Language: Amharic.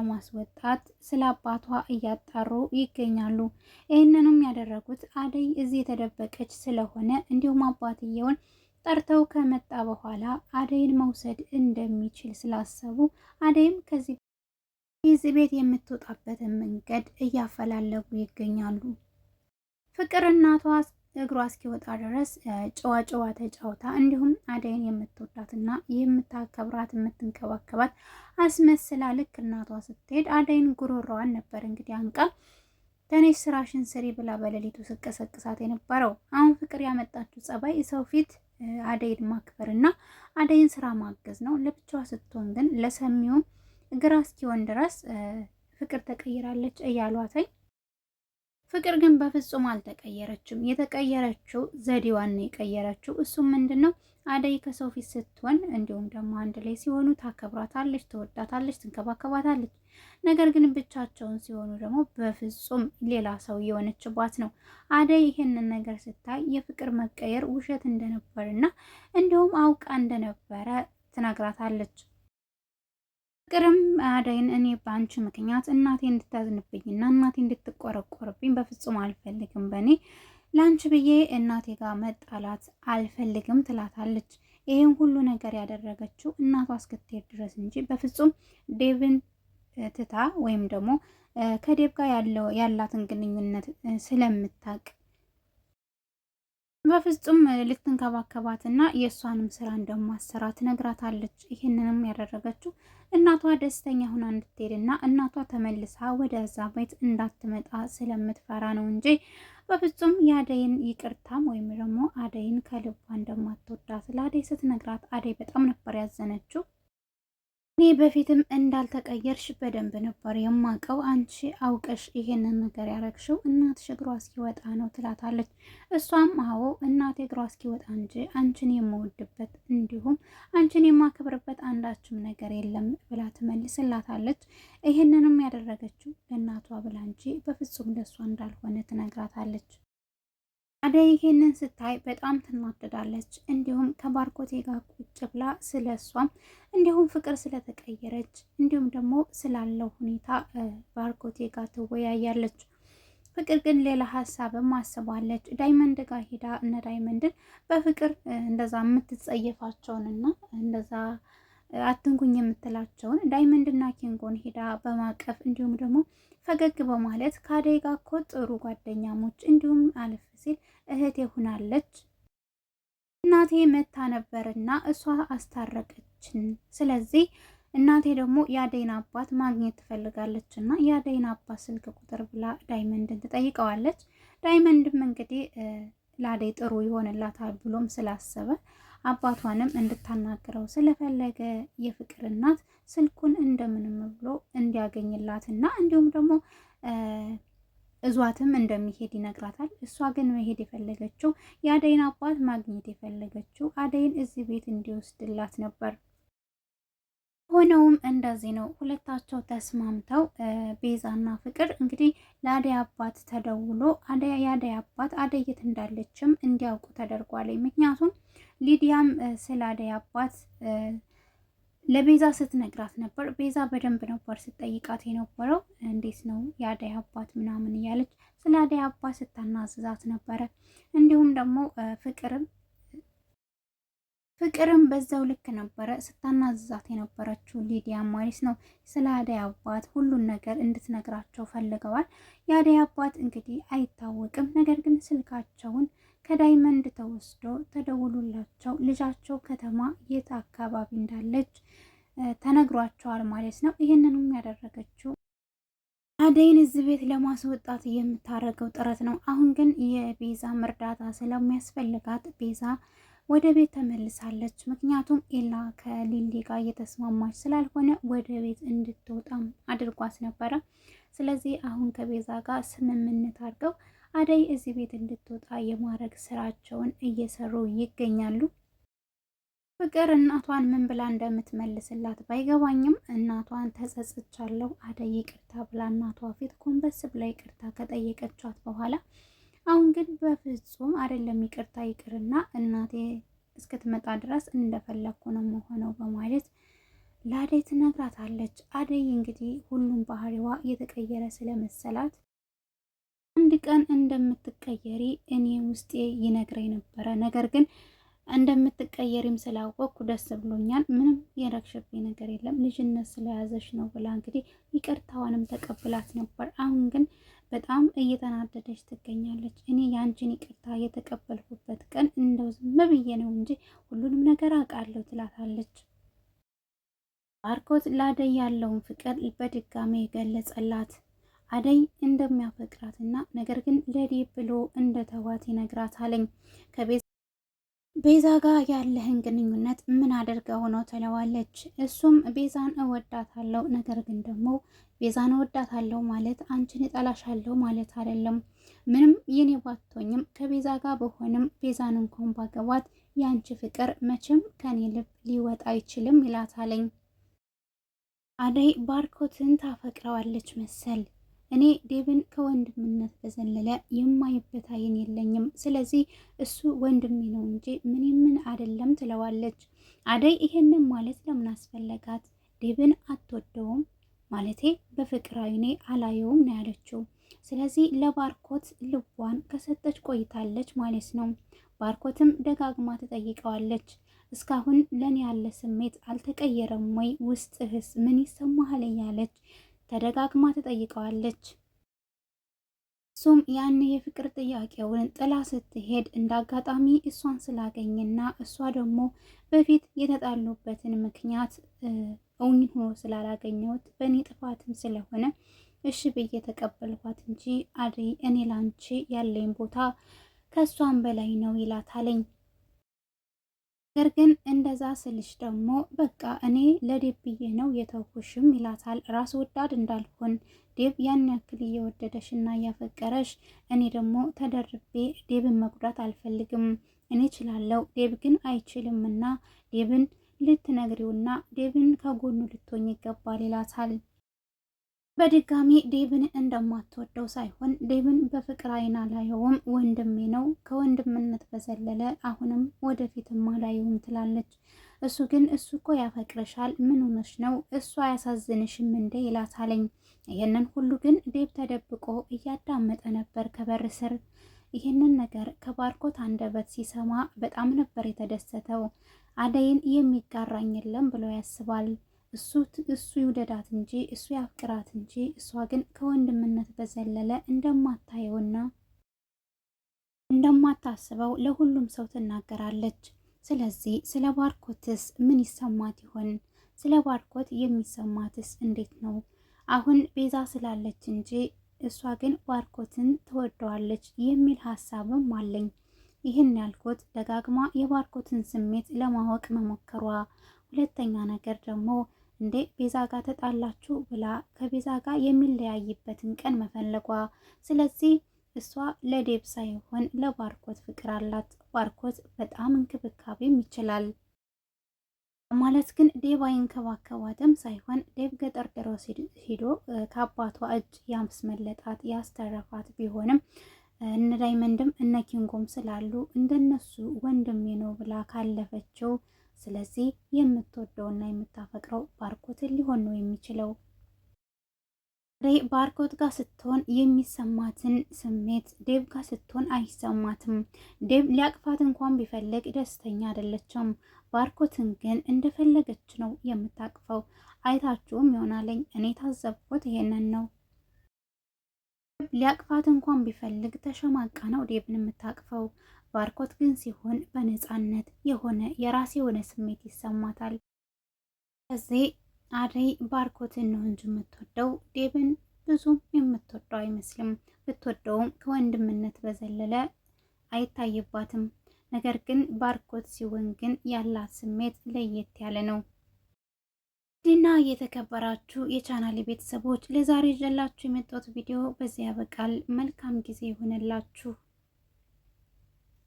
ለማስወጣት ስለ አባቷ እያጣሩ ይገኛሉ። ይህንንም ያደረጉት አደይ እዚህ የተደበቀች ስለሆነ እንዲሁም አባትየውን ጠርተው ከመጣ በኋላ አደይን መውሰድ እንደሚችል ስላሰቡ አደይም ከዚህ እዚህ ቤት የምትወጣበትን መንገድ እያፈላለጉ ይገኛሉ። ፍቅር እናቷ እግሯ እስኪወጣ ድረስ ጨዋ ጨዋ ተጫውታ እንዲሁም አደይን የምትወዳትና የምታከብራት የምትንከባከባት አስመስላ ልክ እናቷ ስትሄድ አደይን ጉሮሯዋን ነበር እንግዲህ አንቃ ተነሽ ስራሽን ስሪ ብላ በሌሊቱ ስቀሰቅሳት የነበረው። አሁን ፍቅር ያመጣችው ጸባይ ሰው ፊት አደይን ማክበርና አደይን ስራ ማገዝ ነው። ለብቻዋ ስትሆን ግን ለሰሚውም ግራ እስኪሆን ድረስ ፍቅር ተቀይራለች እያሏተኝ ፍቅር ግን በፍጹም አልተቀየረችም። የተቀየረችው ዘዴዋን ነው የቀየረችው። እሱም ምንድን ነው አደይ ከሰው ፊት ስትሆን እንዲሁም ደግሞ አንድ ላይ ሲሆኑ ታከብራታለች፣ ትወዳታለች፣ ትንከባከባታለች። ነገር ግን ብቻቸውን ሲሆኑ ደግሞ በፍጹም ሌላ ሰው የሆነችባት ነው። አደይ ይህንን ነገር ስታይ የፍቅር መቀየር ውሸት እንደነበርና እንዲሁም አውቃ እንደነበረ ትነግራታለች። ፍቅርም አደይን እኔ በአንቺ ምክንያት እናቴ እንድታዝንብኝና እናቴ እንድትቆረቆርብኝ በፍጹም አልፈልግም። በእኔ ለአንቺ ብዬ እናቴ ጋር መጣላት አልፈልግም ትላታለች። ይህን ሁሉ ነገር ያደረገችው እናቷ እስክትሄድ ድረስ እንጂ በፍጹም ዴቭን ትታ ወይም ደግሞ ከዴቭ ጋር ያላትን ግንኙነት ስለምታቅ በፍጹም ልትንከባከባት እና የእሷንም ስራ እንደማሰራ ትነግራታለች። ይህንንም ያደረገችው እናቷ ደስተኛ ሆና እንድትሄድና እናቷ ተመልሳ ወደዛ ቤት እንዳትመጣ ስለምትፈራ ነው እንጂ በፍጹም የአደይን ይቅርታም ወይም ደግሞ አደይን ከልቧ እንደማትወዳት ለአደይ ስትነግራት አደይ በጣም ነበር ያዘነችው። እኔ በፊትም እንዳልተቀየርሽ በደንብ ነበር የማውቀው። አንቺ አውቀሽ ይሄንን ነገር ያረግሽው እናትሽ እግሯ እስኪወጣ ነው ትላታለች። እሷም አዎ እናቴ እግሯ እስኪወጣ እንጂ አንቺን የምወድበት እንዲሁም አንቺን የማከብርበት አንዳችም ነገር የለም ብላ ትመልስላታለች። ይሄንንም ያደረገችው ለእናቷ ብላ እንጂ በፍጹም ደሷ እንዳልሆነ ትነግራታለች። አደይ ይሄንን ስታይ በጣም ትናደዳለች። እንዲሁም ከባርኮቴ ጋር ብላ ስለ እሷም እንዲሁም ፍቅር ስለተቀየረች እንዲሁም ደግሞ ስላለው ሁኔታ ባርኮቴ ጋር ትወያያለች። ፍቅር ግን ሌላ ሀሳብም አስባለች። ዳይመንድ ጋር ሄዳ እነ ዳይመንድን በፍቅር እንደዛ የምትጸየፋቸውንና እንደዛ አትንኩኝ የምትላቸውን ዳይመንድና ኪንጎን ሄዳ በማቀፍ እንዲሁም ደግሞ ፈገግ በማለት ከአደይ ጋር እኮ ጥሩ ጓደኛሞች እንዲሁም አለፍ ሲል እህቴ ሆናለች እናቴ መታ ነበርና እሷ አስታረቀችን። ስለዚህ እናቴ ደግሞ የአደይን አባት ማግኘት ትፈልጋለች እና የአደይን አባት ስልክ ቁጥር ብላ ዳይመንድን ትጠይቀዋለች። ዳይመንድም እንግዲህ ለአደይ ጥሩ ይሆንላታል ብሎም ስላሰበ አባቷንም እንድታናግረው ስለፈለገ የፍቅር እናት ስልኩን እንደምንም ብሎ እንዲያገኝላትና እንዲሁም ደግሞ እዟትም እንደሚሄድ ይነግራታል። እሷ ግን መሄድ የፈለገችው የአደይን አባት ማግኘት የፈለገችው አደይን እዚህ ቤት እንዲወስድላት ነበር። ሆነውም እንደዚህ ነው። ሁለታቸው ተስማምተው ቤዛና ፍቅር እንግዲህ ለአደይ አባት ተደውሎ የአደይ አባት አደይ የት እንዳለችም እንዲያውቁ ተደርጓል። ምክንያቱም ሊዲያም ስለ አደይ አባት ለቤዛ ስትነግራት ነበር። ቤዛ በደንብ ነበር ስትጠይቃት የነበረው። እንዴት ነው የአዳይ አባት ምናምን እያለች ስለ አዳይ አባት ስታናዝዛት ነበረ። እንዲሁም ደግሞ ፍቅርም ፍቅርም በዛው ልክ ነበረ ስታናዝዛት የነበረችው ሊዲያ ማለት ነው። ስለ አዳይ አባት ሁሉን ነገር እንድትነግራቸው ፈልገዋል። የአዳይ አባት እንግዲህ አይታወቅም፣ ነገር ግን ስልካቸውን ከዳይመንድ ተወስዶ ተደውሎላቸው ልጃቸው ከተማ የት አካባቢ እንዳለች ተነግሯቸዋል ማለት ነው። ይህንንም ያደረገችው አደይን እዚህ ቤት ለማስወጣት የምታደርገው ጥረት ነው። አሁን ግን የቤዛ እርዳታ ስለሚያስፈልጋት ቤዛ ወደ ቤት ተመልሳለች። ምክንያቱም ኤላ ከሊሊ ጋር እየተስማማች ስላልሆነ ወደ ቤት እንድትወጣም አድርጓት ነበረ። ስለዚህ አሁን ከቤዛ ጋር ስምምነት አድርገው አደይ እዚህ ቤት እንድትወጣ የማድረግ ስራቸውን እየሰሩ ይገኛሉ። ፍቅር እናቷን ምን ብላ እንደምትመልስላት ባይገባኝም እናቷን ተጸጽቻለሁ፣ አደይ ይቅርታ ብላ እናቷ ፊት ጎንበስ ብላ ይቅርታ ከጠየቀቻት በኋላ አሁን ግን በፍጹም አይደለም ይቅርታ ይቅርና እናቴ እስክትመጣ ድረስ እንደፈለግኩ ነው መሆነው በማለት ለአደይ ትነግራታለች። አደይ እንግዲህ ሁሉም ባህሪዋ እየተቀየረ ስለመሰላት አንድ ቀን እንደምትቀየሪ እኔ ውስጤ ይነግረኝ ነበረ። ነገር ግን እንደምትቀየሪም ስላወቅኩ ደስ ብሎኛል። ምንም የረግሽብኝ ነገር የለም ልጅነት ስለያዘሽ ነው ብላ እንግዲህ ይቅርታዋንም ተቀብላት ነበር። አሁን ግን በጣም እየተናደደች ትገኛለች። እኔ የአንቺን ይቅርታ የተቀበልኩበት ቀን እንደው ዝም ብዬ ነው እንጂ ሁሉንም ነገር አውቃለሁ ትላታለች። ባርኮት ላደይ ያለውን ፍቅር በድጋሜ የገለጸላት አደይ እንደሚያፈቅራትና ነገር ግን ለዴብ ብሎ እንደተዋት ይነግራታለኝ። ቤዛ ጋር ያለህን ግንኙነት ምን አድርገው ነው ትለዋለች። እሱም ቤዛን እወዳታለሁ፣ ነገር ግን ደግሞ ቤዛን እወዳታለሁ ማለት አንቺን እጠላሻለሁ ማለት አይደለም። ምንም የኔ ባትሆኝም ከቤዛ ጋር በሆንም ቤዛን እንኳን ባገባት የአንቺ ፍቅር መቼም ከኔ ልብ ሊወጣ አይችልም ይላታለኝ። አደይ ባርኮትን ታፈቅረዋለች መሰል እኔ ዴብን ከወንድምነት በዘለለ የማይበት አይን የለኝም። ስለዚህ እሱ ወንድሜ ነው እንጂ ምን ምን አይደለም ትለዋለች። አደይ ይሄንን ማለት ለምን አስፈለጋት? ዴብን አትወደውም ማለቴ በፍቅር አይኔ አላየውም ነው ያለችው። ስለዚህ ለባርኮት ልቧን ከሰጠች ቆይታለች ማለት ነው። ባርኮትም ደጋግማ ትጠይቀዋለች። እስካሁን ለኔ ያለ ስሜት አልተቀየረም ወይ? ውስጥህስ ምን ይሰማሃል? እያለች ተደጋግማ ትጠይቀዋለች። እሱም ያን የፍቅር ጥያቄውን ጥላ ስትሄድ እንዳጋጣሚ እሷን ስላገኝና እሷ ደግሞ በፊት የተጣሉበትን ምክንያት እውን ሆኖ ስላላገኘሁት በእኔ ጥፋትም ስለሆነ እሺ ብዬ ተቀበልኳት እንጂ አደይ እኔ ላንቺ ያለኝ ቦታ ከእሷን በላይ ነው ይላታለኝ። ነገር ግን እንደዛ ስልሽ ደግሞ በቃ እኔ ብዬ ነው የተውኩሽም ይላታል። ራስ ወዳድ እንዳልሆን ዴብ ያን ያክል እየወደደሽ እና እያፈቀረሽ፣ እኔ ደግሞ ተደርቤ ዴብን መጉዳት አልፈልግም። እኔ እችላለሁ፣ ዴብ ግን አይችልም እና ዴብን ልትነግሪውና ዴብን ከጎኑ ልትሆኝ ይገባል ይላታል። በድጋሚ ዴብን እንደማትወደው ሳይሆን ዴብን በፍቅር አይና ላየውም ወንድሜ ነው፣ ከወንድምነት በዘለለ አሁንም ወደፊትም አላየውም ትላለች። እሱ ግን እሱ እኮ ያፈቅርሻል፣ ምን ሆነሽ ነው? እሱ አያሳዝንሽም እንዴ? ይላታለኝ። ይህንን ሁሉ ግን ዴብ ተደብቆ እያዳመጠ ነበር ከበር ስር። ይህንን ነገር ከባርኮት አንደበት ሲሰማ በጣም ነበር የተደሰተው። አደይን የሚጋራኝ የለም ብሎ ያስባል። እሱ ይውደዳት እንጂ እሱ ያፍቅራት እንጂ እሷ ግን ከወንድምነት በዘለለ እንደማታየውና እንደማታስበው ለሁሉም ሰው ትናገራለች። ስለዚህ ስለ ባርኮትስ ምን ይሰማት ይሆን? ስለ ባርኮት የሚሰማትስ እንዴት ነው? አሁን ቤዛ ስላለች እንጂ እሷ ግን ባርኮትን ትወደዋለች የሚል ሀሳብም አለኝ። ይህን ያልኩት ደጋግማ የባርኮትን ስሜት ለማወቅ መሞከሯ፣ ሁለተኛ ነገር ደግሞ እንዴ ቤዛ ጋር ተጣላችሁ ብላ ከቤዛ ጋር የሚለያይበትን ቀን መፈለጓ። ስለዚህ እሷ ለዴብ ሳይሆን ለባርኮት ፍቅር አላት። ባርኮት በጣም እንክብካቤም ይችላል ማለት ግን ዴብ አይንከባከባትም ሳይሆን ዴብ ገጠር ድረስ ሂዶ ከአባቷ እጅ ያስመለጣት ያስተረፋት ቢሆንም እነ ዳይመንድም እነ ኪንጎም ስላሉ እንደነሱ ወንድሜ ነው ብላ ካለፈችው ስለዚህ የምትወደውና የምታፈቅረው ባርኮትን ሊሆን ነው የሚችለው። ሬ ባርኮት ጋር ስትሆን የሚሰማትን ስሜት ዴብ ጋር ስትሆን አይሰማትም። ዴብ ሊያቅፋት እንኳን ቢፈልግ ደስተኛ አይደለችም። ባርኮትን ግን እንደፈለገች ነው የምታቅፈው። አይታችሁም ይሆናለኝ እኔ ታዘብኩት ይሄንን ነው። ሊያቅፋት እንኳን ቢፈልግ ተሸማቃ ነው ዴብን የምታቅፈው። ባርኮት ግን ሲሆን በነፃነት የሆነ የራስ የሆነ ስሜት ይሰማታል። እዚህ አደይ ባርኮትን ነው እንጂ የምትወደው ዴብን ብዙም የምትወደው አይመስልም። ብትወደውም ከወንድምነት በዘለለ አይታይባትም። ነገር ግን ባርኮት ሲሆን ግን ያላት ስሜት ለየት ያለ ነው። ድና የተከበራችሁ የቻናል ቤተሰቦች ለዛሬ ይዤላችሁ የመጣሁት ቪዲዮ በዚህ ያበቃል። መልካም ጊዜ ይሆነላችሁ።